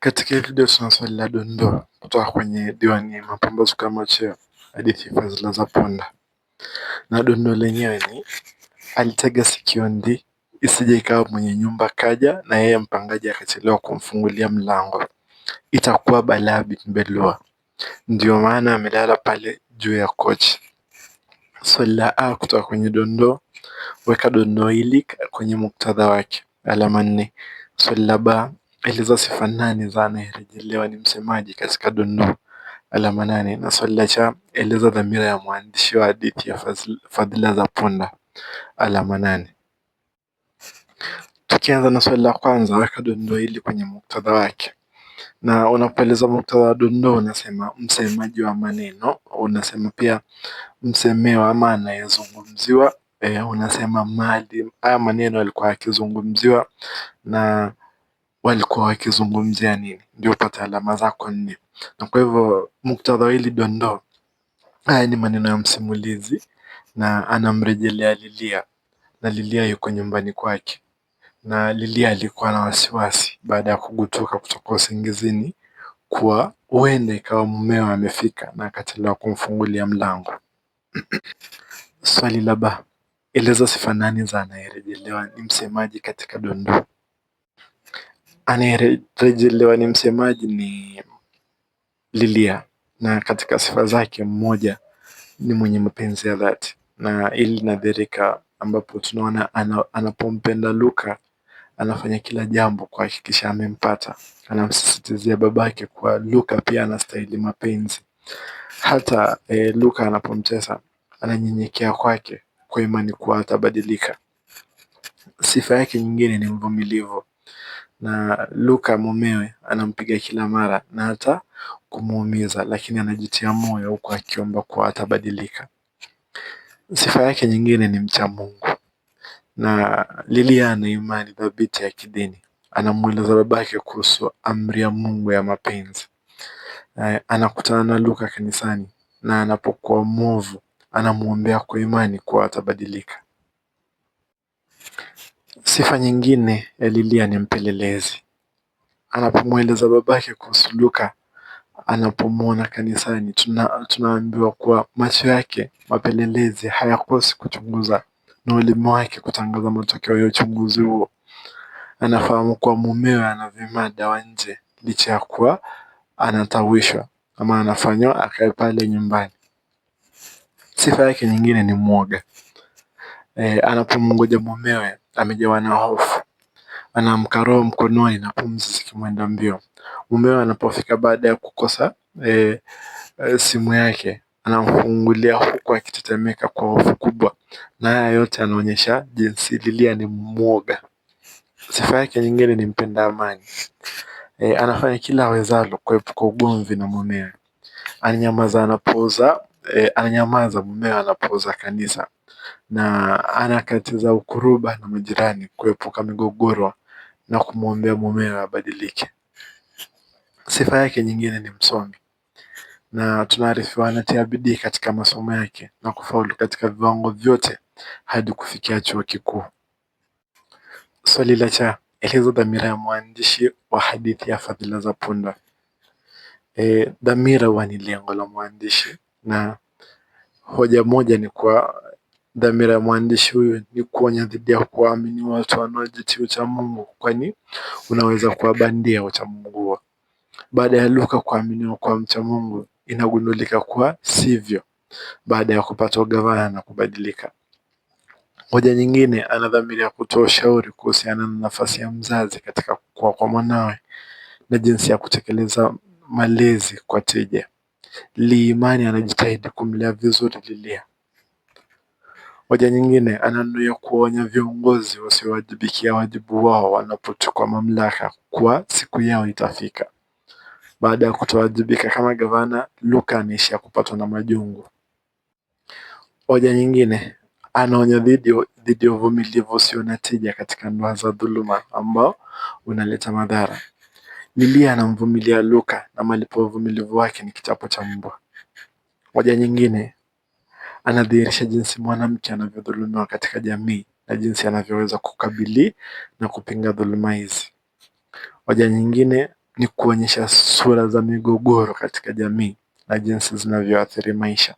Katika tuna swali la dondoo kutoka kwenye diwani ya mapambazuko ya machweo hadithi Fazla za Punda, na dondoo lenyewe ni alitega sikio ndi isije ikawa mwenye nyumba kaja na yeye mpangaji akachelewa kumfungulia mlango, itakuwa balaa bimbelua. Ndio maana amelala pale juu ya kochi. Swali la a kutoka kwenye dondoo, weka dondoo hili kwenye muktadha wake, alama nne. Swali la ba Eleza sifa nane za anayerejelewa ni msemaji katika dondoo. Alama nane na swali la cha eleza dhamira ya mwandishi wa hadithi ya Fadhila za Punda. Alama nane. Tukianza na swali la kwanza, weka dondoo hili kwenye muktadha wake, na unapoeleza muktadha wa dondoo unasema msemaji wa maneno, unasema pia msemewa ama anayezungumziwa. E, unasema mali haya maneno alikuwa akizungumziwa na walikuwa wakizungumzia nini, ndio upate alama zako nne. Na kwa hivyo muktadha wa hili dondoo, haya ni maneno ya msimulizi na anamrejelea Lilia, na Lilia yuko nyumbani kwake, na Lilia alikuwa na wasiwasi baada ya kugutuka kutoka usingizini kuwa huenda ikawa mumeo amefika na akachelewa kumfungulia mlango. Swali la ba, eleza sifa nane za anayerejelewa ni msemaji katika dondoo. Anayerejelewa ni msemaji ni Lilia na katika sifa zake mmoja ni mwenye mapenzi ya dhati na ili linadhihirika ambapo tunaona ana, anapompenda Luka anafanya kila jambo kuhakikisha amempata. Anamsisitizia babake kuwa Luka pia anastahili mapenzi. Hata e, Luka anapomtesa ananyenyekea kwake kwa imani kuwa atabadilika. Sifa yake nyingine ni mvumilivu na Luka mumewe anampiga kila mara na hata kumuumiza, lakini anajitia moyo huku akiomba kuwa atabadilika. Sifa yake nyingine ni mcha Mungu na Lilia ana imani thabiti ya kidini. Anamweleza babake kuhusu amri ya Mungu ya mapenzi. Anakutana na Luka kanisani na anapokuwa mwovu anamwombea kwa imani kuwa atabadilika. Sifa nyingine ya Lilia ni mpelelezi anapomweleza babake kuhusu Luka anapomwona kanisani tunaambiwa kuwa macho yake mapelelezi hayakosi kuchunguza na ulimi wake kutangaza matokeo ya uchunguzi huo anafahamu kuwa mumewe ana vimada wa nje licha ya kuwa anatawishwa ama anafanywa akae pale nyumbani sifa yake nyingine ni mwoga e, anapomngoja mumewe amejawa na hofu. Anaamka roho mkononi na pumzi zikimwenda mbio. Mumewe anapofika baada ya kukosa e, e, simu yake anamfungulia huku akitetemeka kwa hofu kubwa, na haya yote anaonyesha jinsi Lilia ni mwoga. Sifa yake nyingine ni mpenda amani. E, anafanya kila awezalo kuepuka ugomvi na mumewe. Ananyamaza anapouza e, ananyamaza mumewe anapouza kanisa na anakatiza ukuruba na majirani kuepuka migogoro na kumwombea mumewe abadilike. Sifa yake nyingine ni msomi, na tunaarifiwa anatia bidii katika masomo yake na kufaulu katika viwango vyote hadi kufikia chuo kikuu. Swali la cha eleza dhamira ya mwandishi wa hadithi ya Fadhila za Punda. E, dhamira huwa ni lengo la mwandishi na hoja moja ni kwa dhamira ya mwandishi huyu ni kuonya dhidi ya kuamini watu wanaojiti ucha Mungu, kwani unaweza kuwabandia ucha Mungu Baada ya Luka kuaminiwa kwa mcha Mungu, inagundulika kuwa sivyo baada ya kupata ugavana na kubadilika. Hoja nyingine, ana dhamira ya kutoa ushauri kuhusiana na nafasi ya mzazi katika kukua kwa mwanawe na jinsi ya kutekeleza malezi kwa tija. Liimani anajitahidi kumlea vizuri Lilia. Hoja nyingine ananuia kuonya viongozi wasiowajibikia wajibu wao wanapochukua mamlaka kuwa siku yao itafika baada ya kutowajibika kama gavana Luka anaishia kupatwa na majungu. Hoja nyingine anaonya dhidi ya uvumilivu usio na tija katika ndoa za dhuluma ambao unaleta madhara. Lilia anamvumilia Luka na malipo ya uvumilivu wake ni kichapo cha mbwa. Hoja nyingine anadhihirisha jinsi mwanamke anavyodhulumiwa katika jamii na jinsi anavyoweza kukabili na kupinga dhuluma hizi. Hoja nyingine ni kuonyesha sura za migogoro katika jamii na jinsi zinavyoathiri maisha.